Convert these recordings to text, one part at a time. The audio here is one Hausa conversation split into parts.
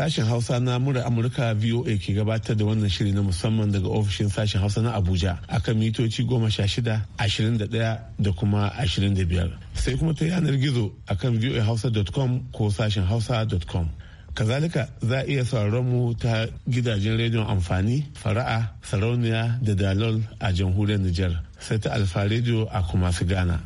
Sashen Hausa na mura Amurka VOA ke gabatar da wannan shiri na musamman daga ofishin sashen Hausa na Abuja akan mitoci goma sha shida, ashirin da daya, da kuma ashirin da biyar. Sai kuma ta yanar gizo akan voahausa.com ko sashen hausa.com. kazalika za a iya sauraron mu ta gidajen rediyon amfani fara'a sarauniya da dalol a jamhuriyar Nijar sai ta alfa rediyo a kuma su ghana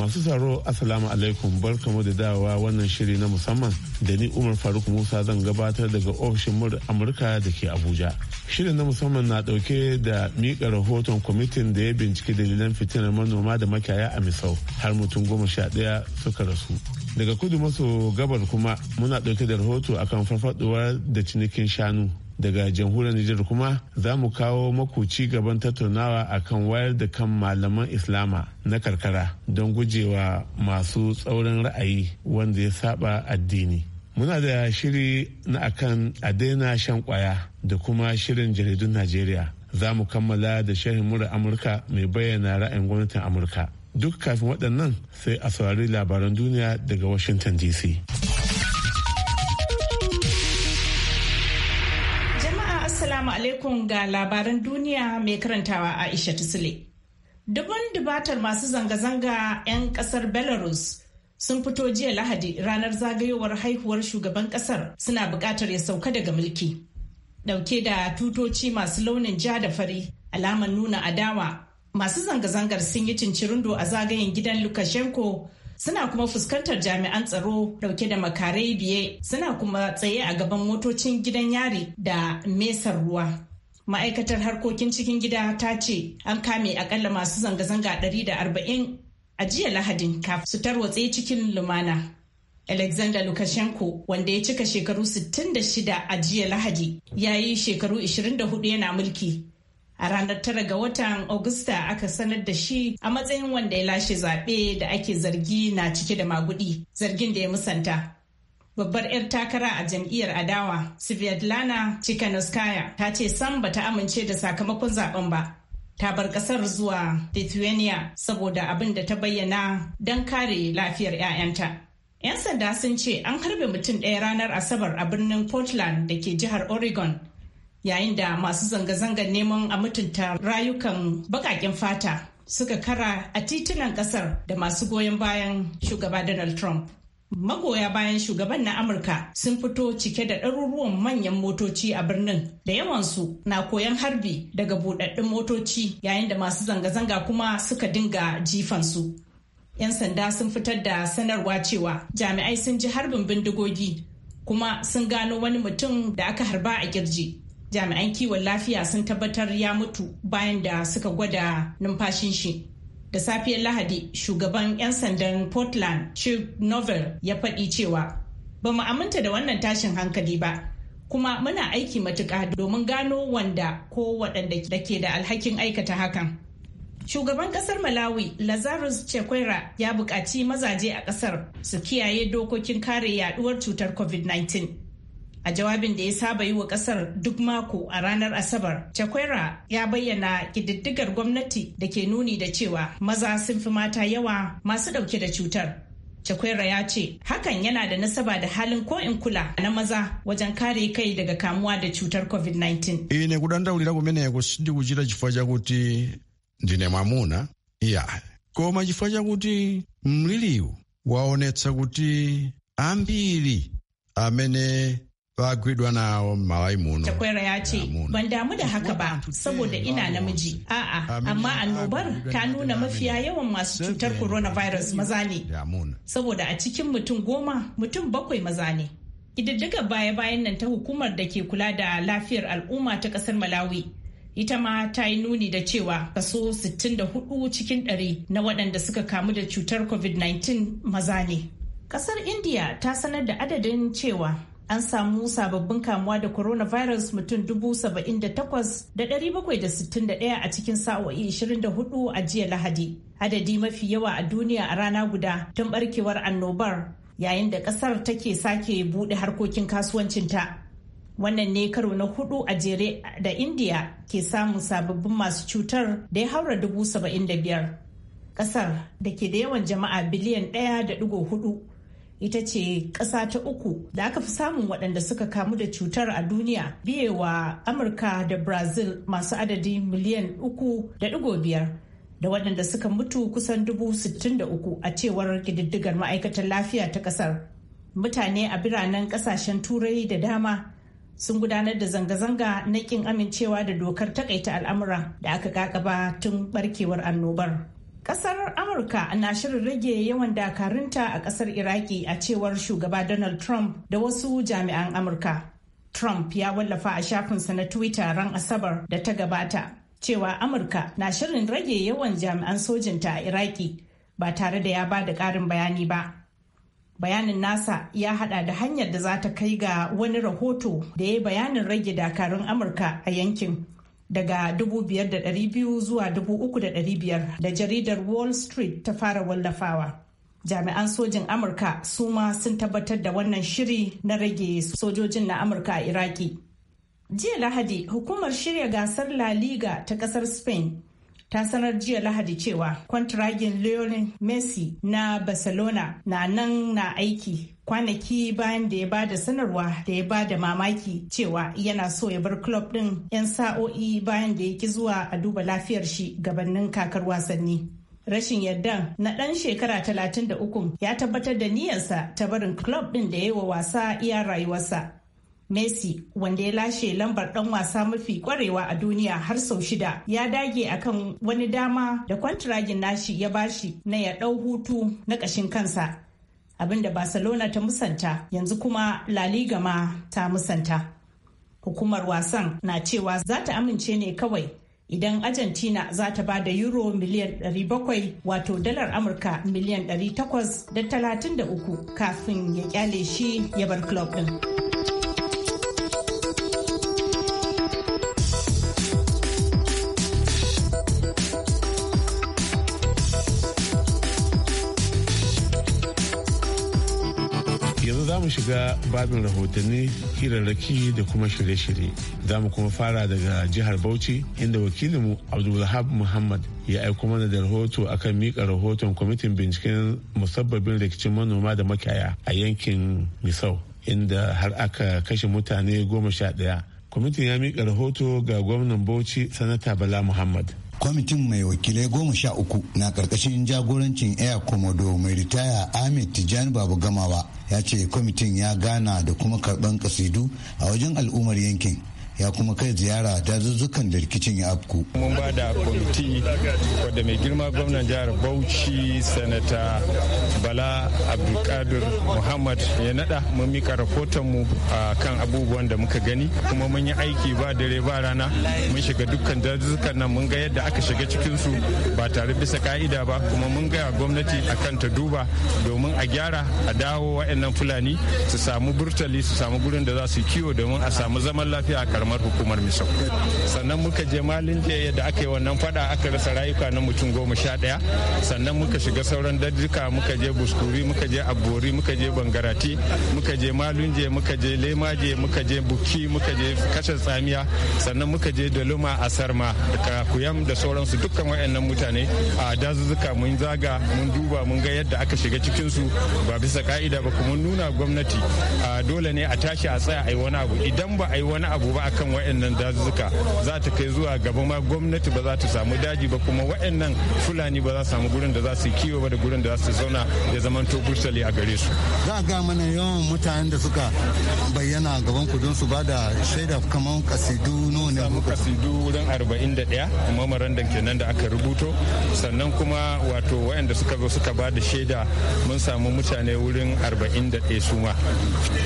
Masu tsaro Assalamu alaikum barkamu da dawowa wannan shiri na musamman da ni Umar Faruk Musa zan gabatar daga ofishin mur Amurka da ke Abuja. Shirin na musamman na dauke da miƙa rahoton kwamitin da ya binciki dalilan fitinar manoma da makiyaya a Misau har mutum goma sha ɗaya suka rasu. Daga kudu maso gabar kuma muna dauke da rahoto akan farfaduwar da cinikin shanu daga jamhuriyar Nijar kuma za mu kawo maku ci gaban tattaunawa akan wayar da kan malaman Islama na karkara don gujewa masu tsaurin ra'ayi wanda ya saba addini. Muna da shiri na akan a shan kwaya da kuma shirin jaridun Najeriya. Za mu kammala da shirin mura Amurka mai bayyana ra'ayin gwamnatin Amurka. Duk kafin waɗannan sai a saurari labaran duniya daga Washington DC. alaikum ga labaran duniya mai karantawa Aisha Tusile. dubban dubatar masu zanga-zanga 'yan kasar Belarus sun fito jiya Lahadi ranar zagayowar haihuwar shugaban kasar suna bukatar ya sauka daga mulki. Dauke da tutoci masu launin ja da fari alamar nuna adawa masu zanga-zangar sun yi cincirindo a zagayen gidan Lukashenko suna kuma fuskantar jami'an tsaro dauke da makarai biye suna kuma tsaye a gaban motocin gidan yari da mesar ruwa. ma'aikatar harkokin cikin gida ta ce an kame akalla masu zanga-zanga 140 a jiya lahadin kafin su tarwatse cikin lumana alexander lukashenko wanda ya cika shekaru 66 a jiya lahadi ya yi shekaru 24 yana mulki a ranar tara ga watan Agusta aka sanar da shi a matsayin wanda ya lashe zaɓe da ake zargi na cike da magudi zargin da ya musanta Babbar 'yar takara a jam'iyyar adawa, Svetlana Tikhanovskaya, ta ce sam ba ta amince da sakamakon zaben ba. Ta bar kasar zuwa Lithuania saboda abin da ta bayyana don kare lafiyar 'ya'yanta. 'Yan sanda sun ce an harbe mutum ɗaya ranar Asabar a birnin Portland da ke jihar Oregon. Yayin da masu zanga-zangar neman a mutunta rayukan baƙaƙen fata suka kara a titunan kasar da masu goyon bayan shugaba Donald Trump. Magoya bayan shugaban na Amurka sun fito cike da ɗaruruwan manyan motoci a birnin da yawansu na koyon harbi daga buɗaɗɗun motoci yayin da masu zanga-zanga kuma suka dinga jifansu. 'Yan sanda sun fitar da sanarwa cewa jami'ai sun ji harbin bindigogi kuma sun gano wani mutum da aka harba a kirji. Jami'an kiwon lafiya sun tabbatar ya mutu bayan da suka gwada numfashin shi. da safiyar lahadi shugaban 'yan sandan portland chief novel ya faɗi cewa ba mu aminta da wannan tashin hankali ba kuma muna aiki matuƙa domin gano wanda ko waɗanda da ke da alhakin aikata hakan shugaban ƙasar malawi lazarus chekwera ya buƙaci mazaje a ƙasar su kiyaye dokokin kare yaduwar cutar covid-19 A jawabin da ya saba yi wa kasar duk mako a ranar Asabar, Chakwera ya bayyana kididdigar gwamnati da ke nuni da cewa maza sun fi mata yawa masu ɗauke da cutar. Chakwera ya ce hakan yana da nasaba da halin ko'in kula na maza wajen kare kai daga kamuwa da cutar COVID-19. Eh, ne da Ine kudanda ulira kumene kusindi da chifukwa chakuti ndine mwamuna iya koma chifukwa chakuti mliliwu waonetsa kuti ambiri amene Takwaira ya ce, ban damu da haka ba, saboda ina namiji. A'a, amma annobar ta nuna mafiya yawan masu cutar coronavirus maza ne. Saboda a cikin mutum goma, mutum bakwai maza ne. Ƙididdigar baya-bayan nan ta hukumar da ke kula da lafiyar al'umma ta ƙasar Malawi. Ita ma ta yi nuni da cewa kaso 64 cikin 100 na waɗanda suka kamu da cutar COVID-19 maza ne. Ƙasar India ta sanar da adadin cewa an samu sababbin kamuwa da coronavirus mutum 78,761 a cikin sa'o'i 24 a jiya lahadi adadi mafi yawa a duniya a rana guda tun barkewar annobar yayin da kasar take sake buɗe harkokin kasuwancinta wannan ne karo na hudu a jere da india ke samun sababbin masu cutar da ya haura 75,000 kasar da ke da yawan jama'a biliyan 1.4 ita ce ƙasa ta uku da aka fi samun waɗanda suka kamu da cutar a duniya biye wa amurka da brazil masu adadi miliyan uku da ɗigo biyar da waɗanda suka mutu kusan dubu sittin da uku a cewar ƙididdigar ma'aikatar lafiya ta ƙasar mutane a biranen ƙasashen turai da dama sun gudanar da zanga-zanga na ƙin amincewa da dokar takaita al'amura da aka gaba tun barkewar annobar Kasar Amurka na shirin rage yawan dakarunta a kasar Iraki a cewar shugaba Donald Trump da wasu jami'an Amurka. Trump ya wallafa a shafinsa na Twitter ran Asabar da ta gabata cewa Amurka na shirin rage yawan jami'an sojinta a Iraki ba tare da ya ba da ƙarin bayani ba. bayanin nasa ya hada da hanyar da za ta kai ga wani rahoto da ya yi bayanin rage dakarun amurka a yankin daga 5,200 zuwa 3,500 da jaridar Wall Street ta fara wallafawa. Jami'an sojin Amurka su ma sun tabbatar da wannan shiri na rage sojojin na Amurka a Iraki. Jiya Lahadi, hukumar shirya gasar La Liga ta kasar Spain ta sanar jiya lahadi cewa kwantiragin Lionel Messi na Barcelona na nan na aiki kwanaki bayan da ya ba da sanarwa da ya ba da mamaki cewa yana so ya bar club din 'yan sa'o'i bayan da ya ki zuwa a duba lafiyar shi gabanin kakar wasanni. rashin yarda na ɗan shekara 33 ya tabbatar da niyyarsa ta barin club din da ya yi wa wasa iya rayuwarsa. Messi wanda ya lashe lambar ɗan wasa mafi ƙwarewa a duniya har sau shida ya dage akan wani dama da kwantiragin nashi ya bashi na ya ɗau hutu na ƙashin kansa abinda barcelona ta musanta yanzu kuma la liga ma ta musanta hukumar wasan na cewa za ta amince ne kawai idan argentina za ta ba da euro miliyan 700 wato dalar amurka miliyan 833 kafin ya kyale shi ya bar club din. shiga babin rahotanni hirarraki da kuma shirye-shirye za mu kuma fara daga jihar bauchi inda wakilinmu abdulhab muhammad ya aiko mana da rahoto akan mika rahoton kwamitin binciken musabbabin rikicin manoma da makiyaya a yankin misau inda har aka kashe mutane goma sha ɗaya kwamitin ya mika rahoto ga gwamnan bauchi sanata bala muhammad kwamitin mai wakilai goma sha uku na karkashin jagorancin air komodo mai ritaya ahmed tijjani babu gamawa ya ce kwamitin ya gana da kuma karban kasidu a wajen al'ummar yankin ya kuma kai ziyara dazuzzukan da rikicin ya afku. Mun ba da kwamiti wadda mai girma gwamnan jihar Bauchi sanata Bala Abdulkadir Muhammad ya nada mun mika rahotonmu a kan abubuwan da muka gani kuma mun yi aiki ba dare ba rana mun shiga dukkan dazuzzukan nan mun ga yadda aka shiga cikinsu ba tare bisa ka'ida ba kuma mun gaya gwamnati kan ta duba domin a gyara a dawo wa'annan fulani su samu burtali su samu gurin da za su kiwo domin a samu zaman lafiya a kamar hukumar misau sannan muka je malinje yadda aka yi wannan fada aka rasa rayuka na mutum goma sha daya sannan muka shiga sauran dajika muka je buskuri muka je abori muka je bangarati muka je malunje muka je lemaje muka je buki muka je kashe tsamiya sannan muka je daluma a sarma da kakuyam da sauransu dukkan wayannan mutane a dazuzzuka mun zaga mun duba mun ga yadda aka shiga cikin su ba bisa ka'ida ba kuma nuna gwamnati dole ne a tashi a tsaya a yi wani abu idan ba a yi wani abu ba a kan wa'annan dazuzzuka za ta kai zuwa gaba ma gwamnati ba za ta samu daji ba kuma wa'annan fulani ba za su samu gurin da za su kiwo ba da gurin da za su zauna ya to bursali a gare su za ga mana yawan mutanen da suka bayyana gaban kudin su ba da shaida kamar kasidu nawa ne samu kasidu wurin 41 kuma marandan kenan da aka rubuto sannan kuma wato wa'anda suka zo suka ba da shaida mun samu mutane wurin 41 su ma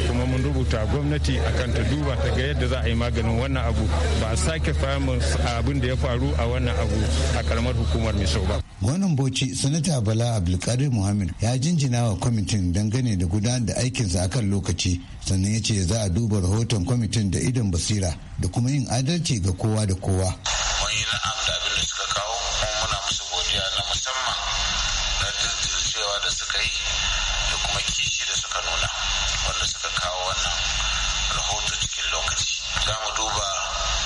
kuma mun rubuta gwamnati akan ta duba ta ga yadda za a yi magana maganin wannan abu ba a sake samun abin da ya faru a wannan abu a karamar hukumar miso ba. Wannan bauchi sanata Bala Abdulkadir Muhammad ya jinjina wa kwamitin dangane da gudanar da aikinsa a kan lokaci sannan ya ce za a duba rahoton kwamitin da idon basira da kuma yin adalci ga kowa da kowa. na'am da abin suka kawo musu godiya na musamman na da suka yi da da suka nuna wanda suka kawo wannan rahoto cikin lokaci. za mu duba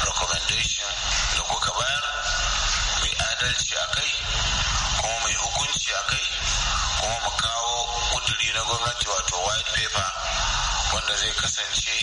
recommendation da kuka bayar mai adalci a kai kuma mai hukunci a kai kuma mu kawo kuduri na gwamnati wato white paper wanda zai kasance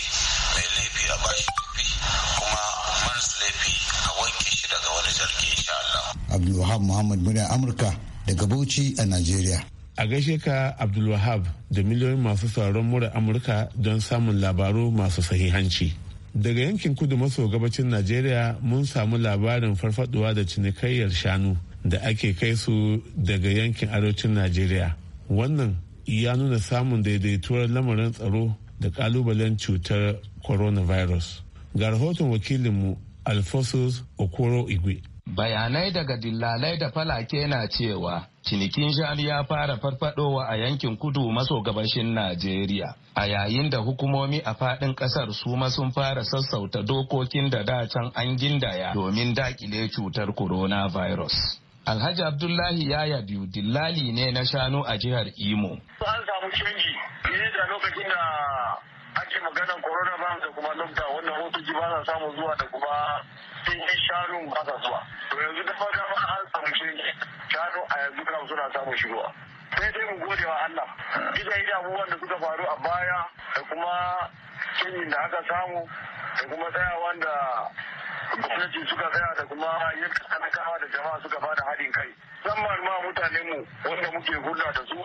mai laifi a bashi laifi kuma maras laifi a wanke shi daga wani zargi insha Allah. Abdulwahab Muhammad muna Amurka daga Bauchi a Najeriya. A gaishe ka Abdulwahab da miliyoyin masu sauran mura Amurka don samun labaru masu sahihanci. daga yankin kudu maso gabacin najeriya mun samu labarin farfaduwa da cinikayyar shanu da ake kai su daga yankin arewacin najeriya wannan ya nuna samun daidaituwar lamarin tsaro da kalubalen cutar coronavirus ga rahoton wakilinmu alphonsus okoro igwe bayanai daga dillalai da falake na cewa cinikin shanu ya fara farfadowa a yankin kudu maso gabashin Najeriya. A yayin da hukumomi a faɗin ƙasar su ma sun fara sassauta dokokin da dacan an gindaya domin daƙile cutar coronavirus. Alhaji Abdullahi ya biyu dillali ne na shanu a jihar Imo. An samu canji, da lokacin da ake maganar corona ba da kuma lokta wannan motoci ba sa samun zuwa da kuma yi shanu ba sa zuwa to yanzu da ba ba an samu shi shanu a yanzu kan suna samun shigowa sai dai mu gode wa Allah bisa yi abubuwan da suka faru a baya da kuma canjin da aka samu da kuma tsayawa da gwamnati suka tsaya da kuma yadda talakawa da jama'a suka bada haɗin kai musamman ma mutanenmu wanda muke hulɗa da su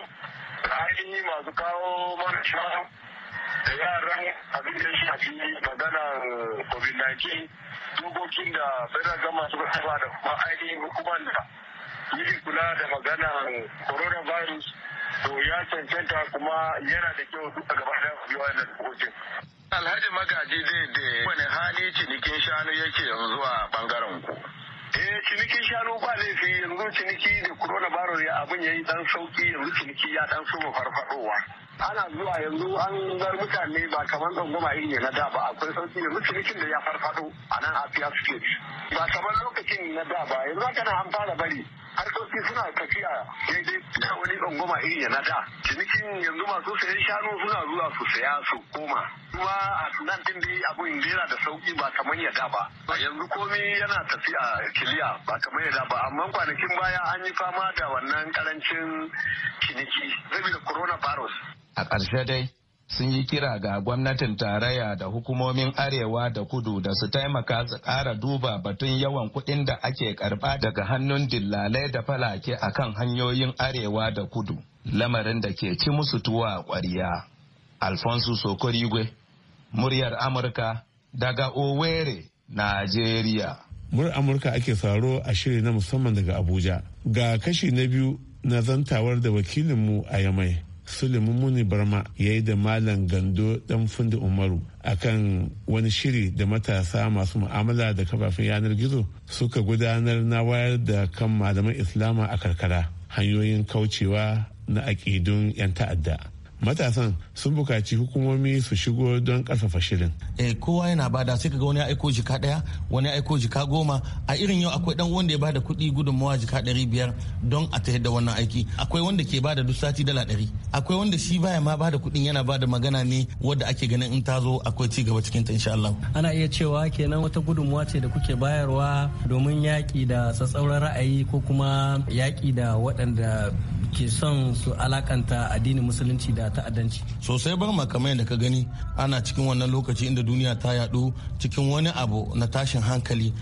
da ainihi masu kawo mara shanu da yaran abin da shafi magana covid-19 dokokin da federal gama su kafa da kuma ainihin hukumar da yi kula da magana coronavirus to ya cancanta kuma yana da kyau duka gaba da biyu wannan dokokin. Alhaji Magaji zai da wani hali cinikin shanu yake yanzu a bangaren ku. Eh cinikin shanu ba laifi yanzu ciniki da coronavirus ya abin ya yi dan sauki yanzu ciniki ya dan soma farfadowa. ana zuwa yanzu an bar mutane ba kamar tsangwama iri ne na da ba akwai sauki da mutumikin da ya farfado a nan a fiya suke ba kamar lokacin na da ba yanzu haka na an fara bari harkoki suna tafiya daidai da wani ɗangoma irin na da cinikin yanzu masu sayan shanu suna zuwa su saya su koma kuma a nan din dai abun yana da sauki ba kamar ya da ba yanzu komi yana tafiya kiliya ba kamar ya da ba amma kwanakin baya an yi fama da wannan karancin ciniki Corona coronavirus a ƙarshe dai sun yi kira ga gwamnatin tarayya da hukumomin arewa da kudu da su taimaka su ƙara duba batun yawan kuɗin da ake karɓa daga hannun dillalai da falake a kan hanyoyin arewa da kudu lamarin da ke ci musu tuwa a ƙwariya. alfonso sokorigwe muryar amurka daga owerri najeriya mur amurka ake saro a shiri na musamman daga abuja ga kashi na biyu na zantawar da wakilinmu a yamai Suleiman Muni Barma ya yi da Malam Gando ɗan fundi Umaru akan wani shiri da matasa masu mu'amala da kafafen yanar gizo suka gudanar na wayar da kan malaman Islama a karkara hanyoyin kaucewa na aƙidun 'yan ta'adda. matasan sun bukaci hukumomi su shigo don karfafa shirin. Eh, kowa yana bada sai kaga wani ya aiko jika daya wani ya aiko jika goma a irin yau akwai dan wanda ya bada kuɗi gudunmawa jika ɗari biyar don a tayar da wannan aiki akwai wanda ke bada duk sati dala ɗari akwai wanda shi baya ma bada kuɗin yana bada magana ne wadda ake ganin in ta zo akwai ci gaba cikin ta insha Allah. Ana iya cewa kenan wata gudunmawa ce da kuke bayarwa domin yaƙi da tsatsauran ra'ayi ko kuma yaƙi da waɗanda ke son su alakanta addinin musulunci da ta'addanci. Sosai bar makamai da ka gani ana cikin wannan lokaci inda duniya ta yadu cikin wani abu na tashin hankali.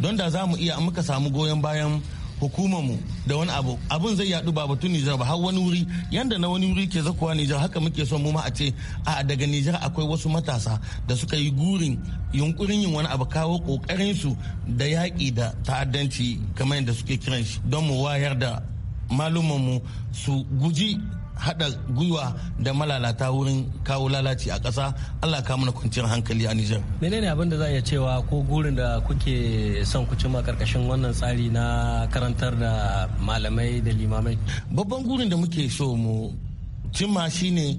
Don da za mu iya muka samu goyon bayan hukumarmu da wani abu abun zai yadu ba batun Nijar ba har wani wuri yanda na wani wuri ke zakuwa Nijar haka muke son mu ma a ce a daga Nijar akwai wasu matasa da suka yi gurin yunkurin yin wani abu kawo kokarin su da yaƙi da ta'addanci kamar yadda suke kiran shi don mu wayar da malumanmu su guji hada gwiwa da malalata wurin kawo lalaci a ƙasa Allah ka mana kwanciyar hankali a Nijar. Menene abin da za iya cewa ko gurin da kuke son ku cimma karkashin wannan tsari na karantar da malamai da limamai? Babban gurin da muke so mu cimma shine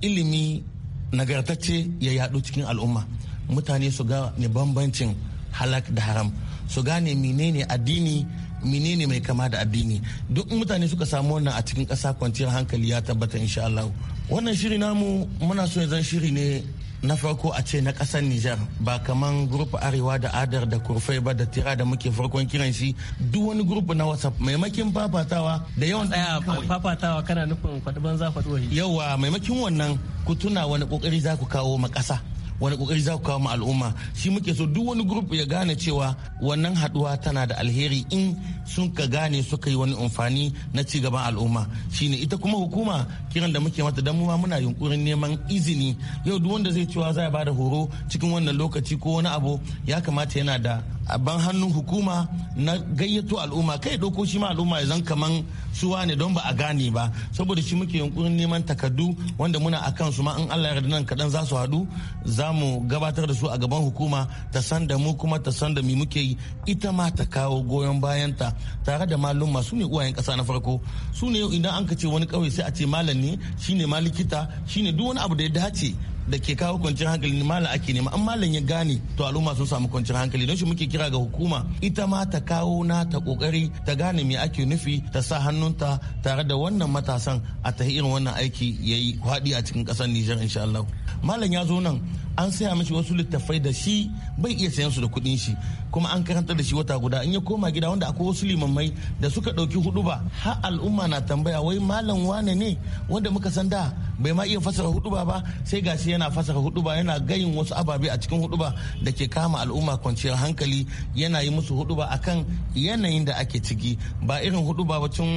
ilimi nagartacce ya yaɗu cikin al'umma. Mutane su ga ne bambancin halak da haram su gane menene addini menene mai kama da addini duk mutane suka samu wannan a cikin ƙasa kwanciyar hankali ya tabbata insha Allah wannan shiri namu muna so zan shiri ne na farko a ce na kasar Nijar ba kaman grup Arewa da Adar da Kurfai ba da Tira da muke farkon kiran shi duk wani grup na WhatsApp maimakin fafatawa da yawan daya fafatawa kana nufin kwadu banza kwadu yauwa maimakin wannan ku tuna wani kokari za ku kawo ma ƙasa. wani kokari za ku kawo ma al'umma shi muke so duk wani group ya gane cewa wannan haduwa tana da alheri in sun ka gane suka yi wani amfani na ci gaban al'umma shine ita kuma hukuma kiran da muke mata dan ma muna yunkurin neman izini yau duk wanda zai cewa za ya bada horo cikin wannan lokaci ko wani abu ya kamata yana da ban hannun hukuma na gayyato al'umma kai doko shi ma al'umma ya zan kaman suwa ne don ba a gane ba saboda shi muke yunkurin neman takardu wanda muna a kansu ma in Allah ya yarda nan kaɗan za su haɗu za mu gabatar da su a gaban hukuma ta san da mu kuma ta san da mi muke yi ita ma ta kawo goyon bayanta tare da malumma su ne uwayen ƙasa na farko su ne idan an ka ce wani ƙauye sai a ce malam ne shine ma likita shine duk wani abu da ya dace da ke kawo kwanciyar hankali malam ake nema an malam ya gane to al'umma sun samu kwanciyar hankali don shi muke kira ga hukuma ita ma ta kawo na ta kokari ta gane me ake nufi ta sa hannunta tare da wannan matasan a ta irin wannan aiki yayi haɗi a cikin kasar Nijar insha Allah malam ya zo nan an saya mishi wasu littattafai da shi bai iya sayan su da kudin shi kuma an karantar da shi wata guda in ya koma gida wanda akwai wasu limammai da suka dauki hudu ba ha al'umma na tambaya wai malam wane ne wanda muka san da bai ma iya fasara hudu ba ba sai gashi yana fasara hudu ba yana gayin wasu ababe a cikin hudu ba da ke kama al'umma kwanciyar hankali yana yi musu hudu ba akan yanayin da ake ciki ba irin hudu ba bacin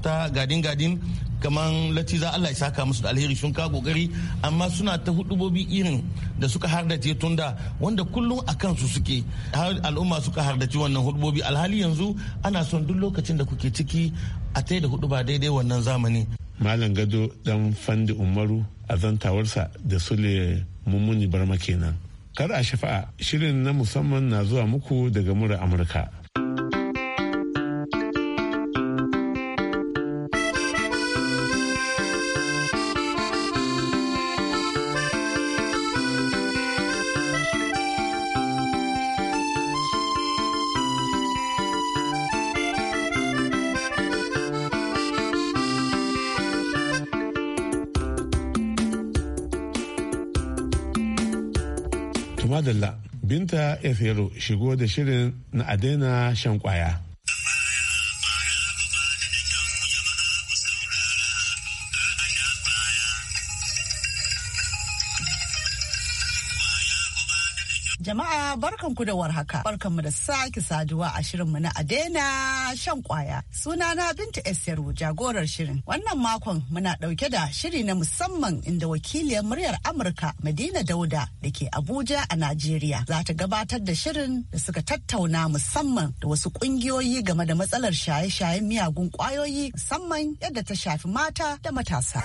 ta gadin gadin kamar lati za Allah ya saka musu da alheri sun ka kokari amma suna ta hudubobi irin da suka hardace da wanda kullum a kansu suke har al'umma suka hardace wannan hudubobi alhali yanzu ana son duk lokacin da kuke ciki a tai da hudu ba daidai wannan zamani malam gado dan fandi umaru a zantawarsa da sule mummuni barma kenan kar a shafa'a shirin na musamman na zuwa muku daga mura amurka Fero shigo da shirin na a daina shan kwaya. barkan ku da warhaka. Barkan mu da sake saduwa a shirin mu na Adena shan kwaya. Sunana Binta Esther jagorar shirin. Wannan makon muna dauke da shiri na musamman inda wakiliyar muryar Amurka Madina Dauda da ke Abuja a Najeriya za ta gabatar da shirin da suka tattauna musamman da wasu kungiyoyi game da matsalar shaye-shayen miyagun kwayoyi musamman yadda ta shafi mata da matasa.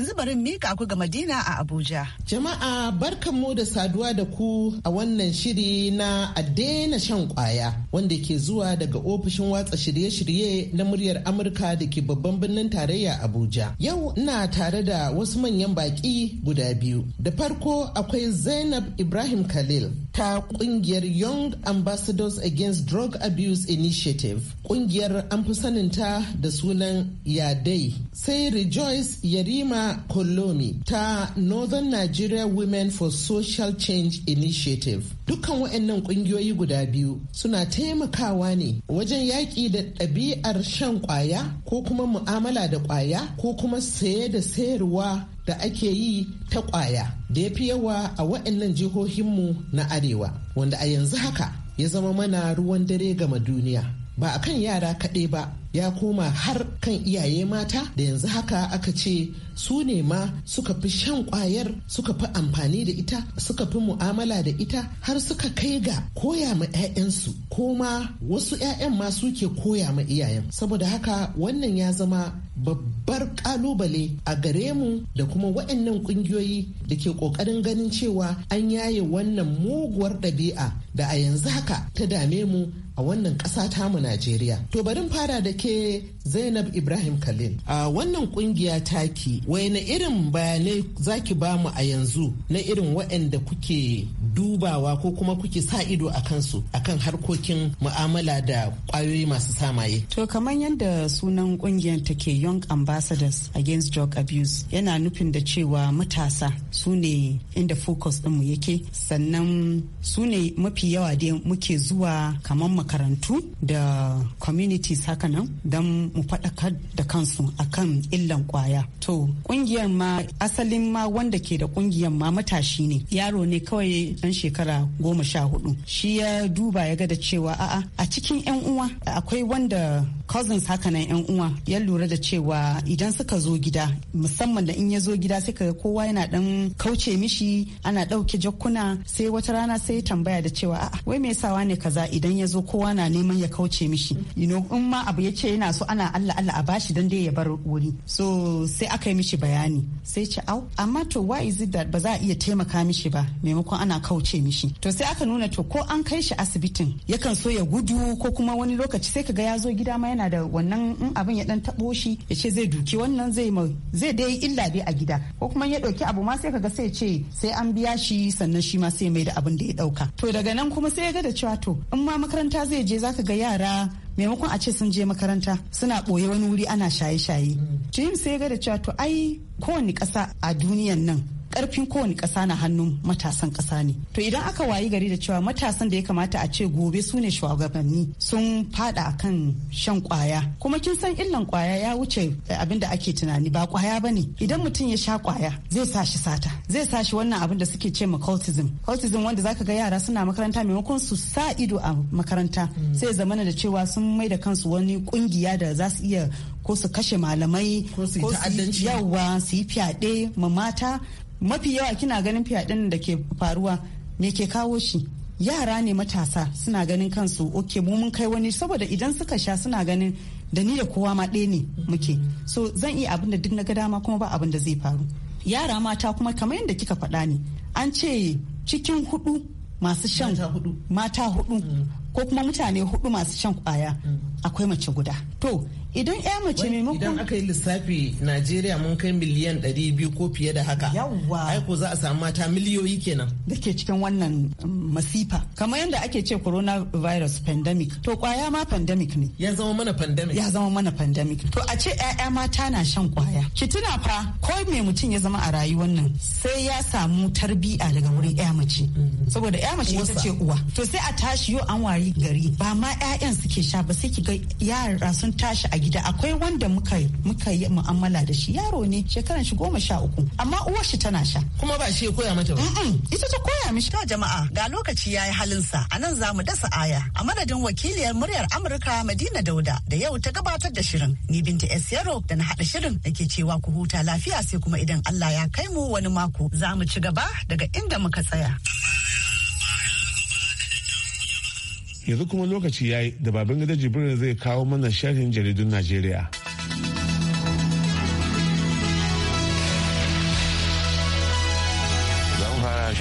yanzu bari mika ku ga Madina a Abuja. Jama'a mu da saduwa da ku a wannan shiri na a daina shan kwaya wanda ke zuwa daga ofishin watsa shirye-shirye na muryar Amurka da ke babban birnin tarayya Abuja. Yau ina tare da wasu manyan baki guda biyu. Da farko akwai Zainab Ibrahim Khalil ta kungiyar Young Ambassadors Against Drug Abuse Initiative. Kungiyar an fi saninta da sunan Yadai. Sai Rejoice Yarima na Kolomi ta Northern Nigeria Women for Social Change Initiative. Dukkan waɗannan ƙungiyoyi guda biyu suna taimakawa ne wajen yaƙi da ɗabi'ar shan ƙwaya ko kuma mu'amala da ƙwaya ko kuma saye da sayarwa da ake yi ta ƙwaya da ya fi yawa a waɗannan jihohinmu na Arewa wanda a yanzu haka ya zama mana ruwan dare gama duniya. Ba a kan yara kaɗai ba ya koma har kan iyaye mata da yanzu haka aka ce su ne ma suka fi shan kwayar suka fi amfani da ita suka fi mu'amala da ita har suka kai ga koya ma 'ya'yansu ko ma wasu 'ya'yan ma suke koya ma iyayen saboda haka wannan ya zama babbar kalubale a gare mu da kuma waɗannan ƙungiyoyi da ke ƙoƙarin ganin cewa an yaye wannan muguwar ɗabi'a da a yanzu haka ta dame mu a wannan ƙasa mu Najeriya. To barin fara da ke Zainab Ibrahim Khalil. A wannan ƙungiya taki, na irin bayanai zaki mu a yanzu na irin waɗanda kuke dubawa ko kuma kuke sa ido a kansu a kan harkokin mu'amala da ƙwayoyi masu samaye. To kamar yadda sunan ƙungiyar take young ambassadors against drug abuse yana nufin da cewa matasa su ne inda focus ɗinmu yake sannan su ne mafi yawa da muke zuwa kamar makarantu da communities haka nan don mu faɗakar da kansu akan illan kwaya to ƙungiyar ma asalin ma wanda ke da ƙungiyar ma matashi ne yaro ne kawai ɗan shekara goma sha hudu shi ya duba ya ga da cewa a'a a cikin 'yan uwa akwai wanda cousins haka nan 'yan uwa ya lura da cewa cewa idan suka zo gida musamman da in ya zo gida sai kaga kowa yana dan kauce mishi ana ɗauke jakkuna sai wata rana sai ya tambaya da cewa a'a wai me yasa ne kaza idan ya zo kowa na neman ya kauce mishi you know in ma abu ya ce yana so ana Allah Allah a bashi dan dai ya bar wuri so sai aka yi mishi bayani sai ce au amma to why is it that ba za a iya taimaka mishi ba maimakon ana kauce mishi to sai aka nuna to ko an kai shi asibitin yakan so ya gudu ko kuma wani lokaci sai kaga ya zo gida ma yana da wannan in abin ya dan taɓo shi ya ce zai duki wannan zai ma zai dai illa dai a gida ko kuma ya dauki abu ma sai kaga sai ce sai an biya shi sannan shi ma sai mai da abin da ya dauka to daga nan kuma sai ya ga da cewa to in ma makaranta zai je zaka ga yara maimakon a ce sun je makaranta suna ɓoye wani wuri ana shaye-shaye. yin sai ya ga da cewa to ai kowane ƙasa a duniyan nan karfin kowane kasa na hannun matasan kasa ne to idan aka wayi gari da cewa matasan da ya kamata a ce gobe su ne shugabanni sun fada kan shan kwaya kuma kin san illan kwaya ya wuce eh, abin da ake tunani ba kwaya ba ne idan mutum ya sha kwaya zai sa shi sata zai sa shi wannan abin da suke ce ma cultism cultism wanda zaka ga yara suna makaranta maimakon su sa ido a makaranta mm. sai zamana da cewa sun mai da kansu wani kungiya da za su iya ko su kashe malamai ko su yawa su yi fyaɗe ma mata mafi yawa kina ganin fyaɗen da ke faruwa me ke kawo shi yara ne matasa suna ganin kansu oke mu mun kai wani saboda idan suka sha suna ganin da ni da kowa ma ɗaya ne muke so zan iya abin da duk na ga dama kuma ba abin da zai faru yara mata kuma kamar yadda kika faɗa ne an ce cikin hudu masu shan mata hudu ko kuma mutane hudu masu shan kwaya mm. akwai mace guda to idan ya mace maimakon idan aka yi lissafi najeriya mun kai miliyan 200 ko fiye da haka yawwa aiko za a samu mata miliyoyi kenan da ke cikin wannan um, masifa kamar yadda ake ce coronavirus pandemic to kwaya ma pandemic ne ya zama mana pandemic ya zama mana pandemic to a ce 'ya'ya mata na shan kwaya ki tuna fa ko me mutum ya zama a rayuwar nan sai ya samu tarbiya daga wurin 'ya mace mm. saboda 'ya mace ita ce uwa to sai a tashi yau an ware wayi gari ba ma 'ya'yan suke sha ba sai ki ga yara sun tashi a gida akwai wanda muka muka yi mu'amala da shi yaro ne shekaran shi goma sha uku amma uwar shi tana sha kuma ba shi ya koya mata ba ita ta koya mishi to jama'a ga lokaci ya yayi halinsa a nan za mu dasa aya a madadin wakiliyar muryar Amurka Madina Dauda da yau ta gabatar da shirin ni binta S Yaro da na haɗa shirin da ke cewa ku huta lafiya sai kuma idan Allah ya kai mu wani mako za mu ci gaba daga inda muka tsaya. yanzu kuma lokaci ya yi da baban gida jibrin zai kawo mana sharhin jaridun najeriya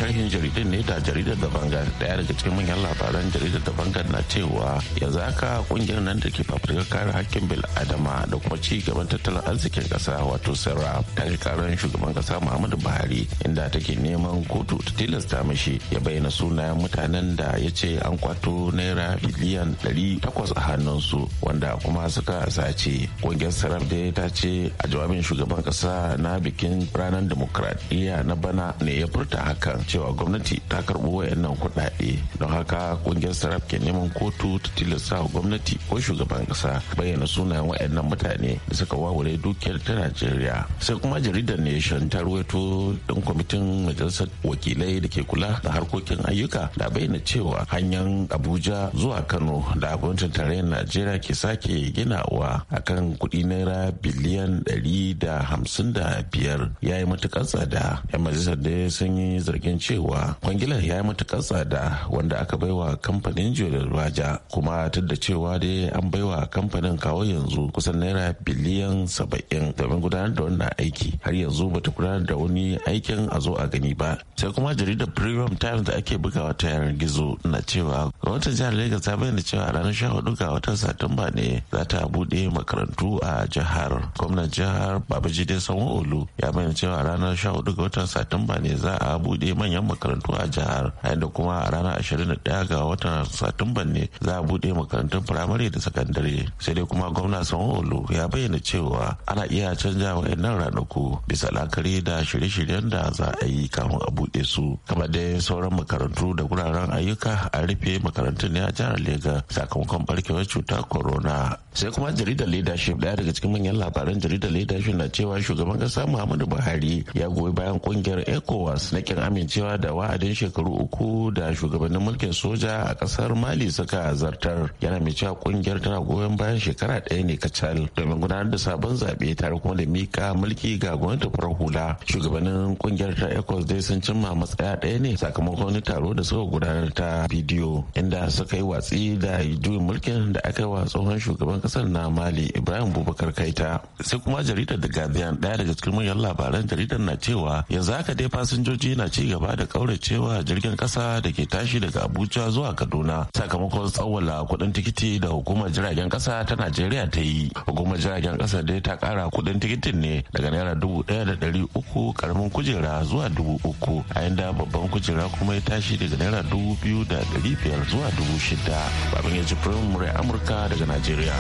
sharhin jaridun ne da jaridar da bangar daya daga cikin manyan labaran jaridar da banga na cewa yanzu haka kungiyar nan da ke fafirgar kare hakkin bil adama da kuma ci gaban tattalin arzikin kasa wato sarraf ta kai karan shugaban kasa muhammadu buhari inda take neman kotu ta tilasta mashi ya bayyana sunayen mutanen da ya ce an kwato naira biliyan takwas a hannunsu wanda kuma suka sace kungiyar sarraf da ya ce a jawabin shugaban kasa na bikin ranar demokradiyya na bana ne ya furta hakan cewa gwamnati ta karɓo wayannan kuɗaɗe don haka ƙungiyar sarraf ke neman kotu ta tilasta wa gwamnati ko shugaban ƙasa bayyana sunayen wayannan mutane da suka wawure dukiyar ta najeriya sai kuma jaridar nation ta ruwaito don kwamitin majalisar wakilai da ke kula da harkokin ayyuka da bayyana cewa hanyar abuja zuwa kano da gwamnatin tarayyar najeriya ke sake ginawa akan kuɗi naira biliyan ɗari da da hamsin biyar ya yi matuƙar tsada yan majalisar da sun yi zargin cewa kwangilar ya yi matukar tsada wanda aka baiwa kamfanin jiyolar raja kuma tun da cewa dai an baiwa kamfanin kawo yanzu kusan naira biliyan saba'in domin gudanar da wannan aiki har yanzu bata gudanar da wani aikin a zo a gani ba sai kuma jaridar premium times da ake bugawa ta yanar gizo na cewa gwamnatin jihar lagos ta bayyana cewa a ranar sha hudu ga watan satumba ne za ta bude makarantu a jihar gwamnan jihar babajide sanwo olu ya bayyana cewa a ranar sha hudu ga watan satumba ne za a bude manyan manyan makarantu a jihar a da kuma a ranar 21 ga watan satumba ne za a buɗe makarantun firamare da sakandare sai dai kuma gwamna sanwo ya bayyana cewa ana iya canja wa'annan ranaku bisa lakari da shirye-shiryen da za a yi kafin a buɗe su kamar dai sauran makarantu da guraren ayyuka a rufe makarantun ne a jihar Legas sakamakon barkewar cutar corona sai kuma jaridar leadership daya daga cikin manyan labaran jaridar leadership na cewa shugaban kasa muhammadu buhari ya goyi bayan kungiyar ecowas na kin amincewa da wa'adin shekaru uku da shugabannin mulkin soja a kasar mali suka zartar yana mai cewa kungiyar tana goyon bayan shekara ɗaya ne kacal domin gudanar da sabon zaɓe tare kuma da mika mulki ga gwamnati farar hula shugabannin kungiyar ta ecos dai sun cimma matsaya ɗaya ne sakamakon wani taro da suka gudanar ta bidiyo inda suka yi watsi da juyin mulkin da aka yi wa tsohon shugaban kasar na mali ibrahim bubakar kaita sai kuma jaridar the guardian ɗaya daga cikin manyan labaran jaridar na cewa yanzu haka dai fasinjoji na ci gaba ba da kauracewa jirgin kasa da ke tashi daga abuja zuwa kaduna sakamakon tsawala kudin tikiti da hukumar jiragen kasa ta najeriya ta yi hukumar jiragen kasa dai ta kara kudin tikitin ne daga naira dubu daya da dari uku karamin kujera zuwa dubu uku a inda babban kujera kuma ya tashi daga naira dubu biyu da dari biyar zuwa dubu shida babin ya ji firin murai amurka daga najeriya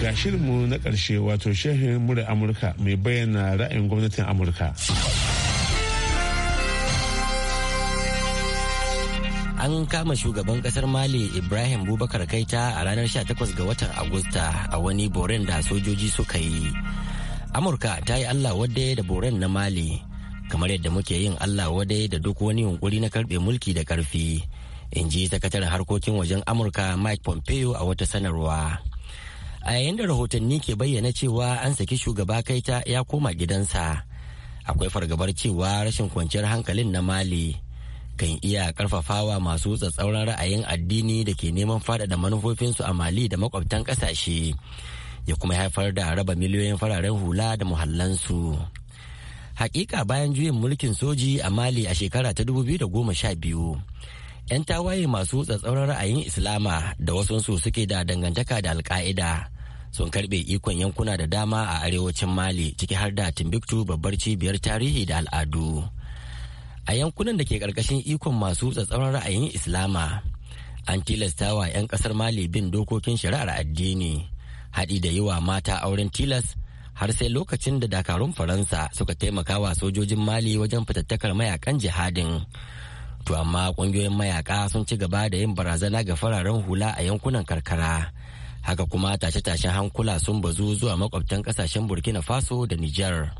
Ga shirinmu na ƙarshe wato shehin mura Amurka mai bayyana ra'ayin gwamnatin Amurka. An kama shugaban kasar Mali Ibrahim Bubakar Kaita a ranar 18 ga watan Agusta a wani boren da sojoji suka yi. Amurka ta yi Allah wadda da boren na Mali, kamar yadda muke yin Allah wadda da duk wani yunkuri na karbe mulki da karfi. in ji sakataren harkokin wajen amurka mike pompeo a wata sanarwa a yayin da rahotanni ke bayyana cewa an saki shugaba kaita ya koma gidansa akwai fargabar cewa rashin kwanciyar hankalin na mali kan iya karfafawa masu tsatsauran ra'ayin addini da ke neman faɗaɗa manufofinsu a mali da makwabtan ƙasashe ya kuma haifar da raba miliyoyin fararen hula da muhallansu hakika bayan juyin mulkin soji a mali a shekara ta 2012 'yan tawaye masu tsatsauran ra'ayin islama da su suke da dangantaka da alka'ida sun karbe ikon yankuna da dama a arewacin mali ciki har da timbuktu babbar cibiyar tarihi da al'adu a yankunan da ke karkashin ikon masu tsatsauran ra'ayin islama an tilastawa 'yan kasar mali bin dokokin shari'ar addini haɗi da yi wa mata auren tilas har sai lokacin da dakarun faransa suka taimakawa sojojin mali wajen fitattakar mayakan jihadin to amma kungiyoyin mayaka sun ci gaba da yin barazana ga fararen hula a yankunan karkara haka kuma tashe-tashen hankula sun bazu zuwa makwabtan kasashen burkina faso da niger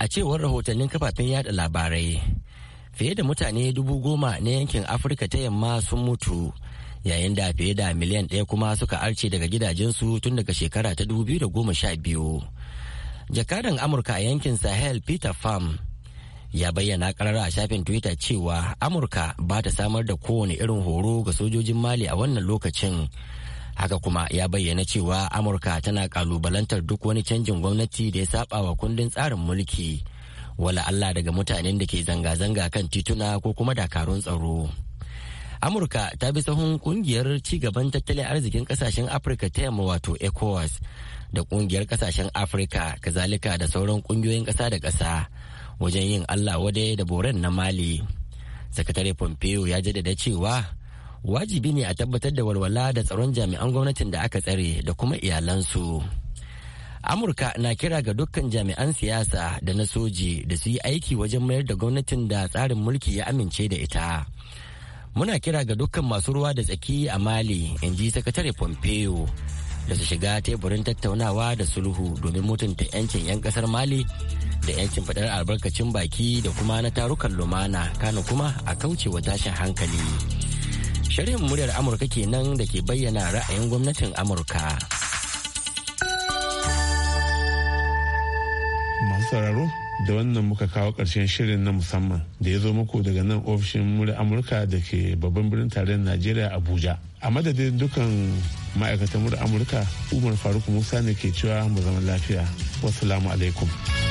a cewar rahotannin kafafen yada labarai fiye da mutane dubu goma na yankin afirka ta yamma sun mutu yayin da fiye da miliyan ɗaya kuma suka arce daga gidajensu tun daga shekara ta da sha 2012 jakadan amurka a yankin sahel peter farm ya bayyana karara a shafin twitter cewa amurka ba ta samar da kowane irin horo ga sojojin mali a wannan lokacin haka kuma ya bayyana cewa amurka tana kalubalantar duk wani canjin gwamnati da ya saba wa kundin tsarin mulki wala allah daga mutanen da ke zanga-zanga kan tituna ko kuma dakarun tsaro amurka ta bi sahun kungiyar cigaban tattalin arzikin kasashen afirka ta yamma wato ecowas da kungiyar kasashen afirka kazalika da sauran kungiyoyin kasa da kasa wajen yin allah wade da boren na mali sakatare pompeo ya jaddada cewa wajibi ne a tabbatar da walwala da tsaron jami'an gwamnatin da aka tsare da kuma iyalansu amurka na kira ga dukkan jami'an siyasa da na soji da su yi aiki wajen mayar da gwamnatin da tsarin mulki ya amince da ita muna kira ga dukkan masu ruwa da tsaki a mali in ji sakatare pompeo da su shiga teburin tattaunawa da sulhu domin mutunta 'yancin 'yan kasar mali da 'yancin faɗar albarkacin baki da kuma na tarukan lumana kano kuma a kaucewa tashin hankali shirin muryar amurka kenan da ke bayyana ra'ayin gwamnatin amurka masu sauraro da wannan muka kawo ƙarshen shirin na musamman da ya zo muku daga nan ofishin muryar amurka da ke babban birnin tarayyar najeriya abuja a madadin dukan ma'aikatan amurka umar faruk musa ne ke cewa mu zama lafiya wasu alaikum. alaikum